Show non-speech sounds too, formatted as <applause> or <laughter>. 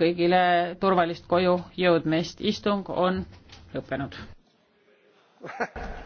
kõigile turvalist koju jõudmist. istung on lõppenud <laughs>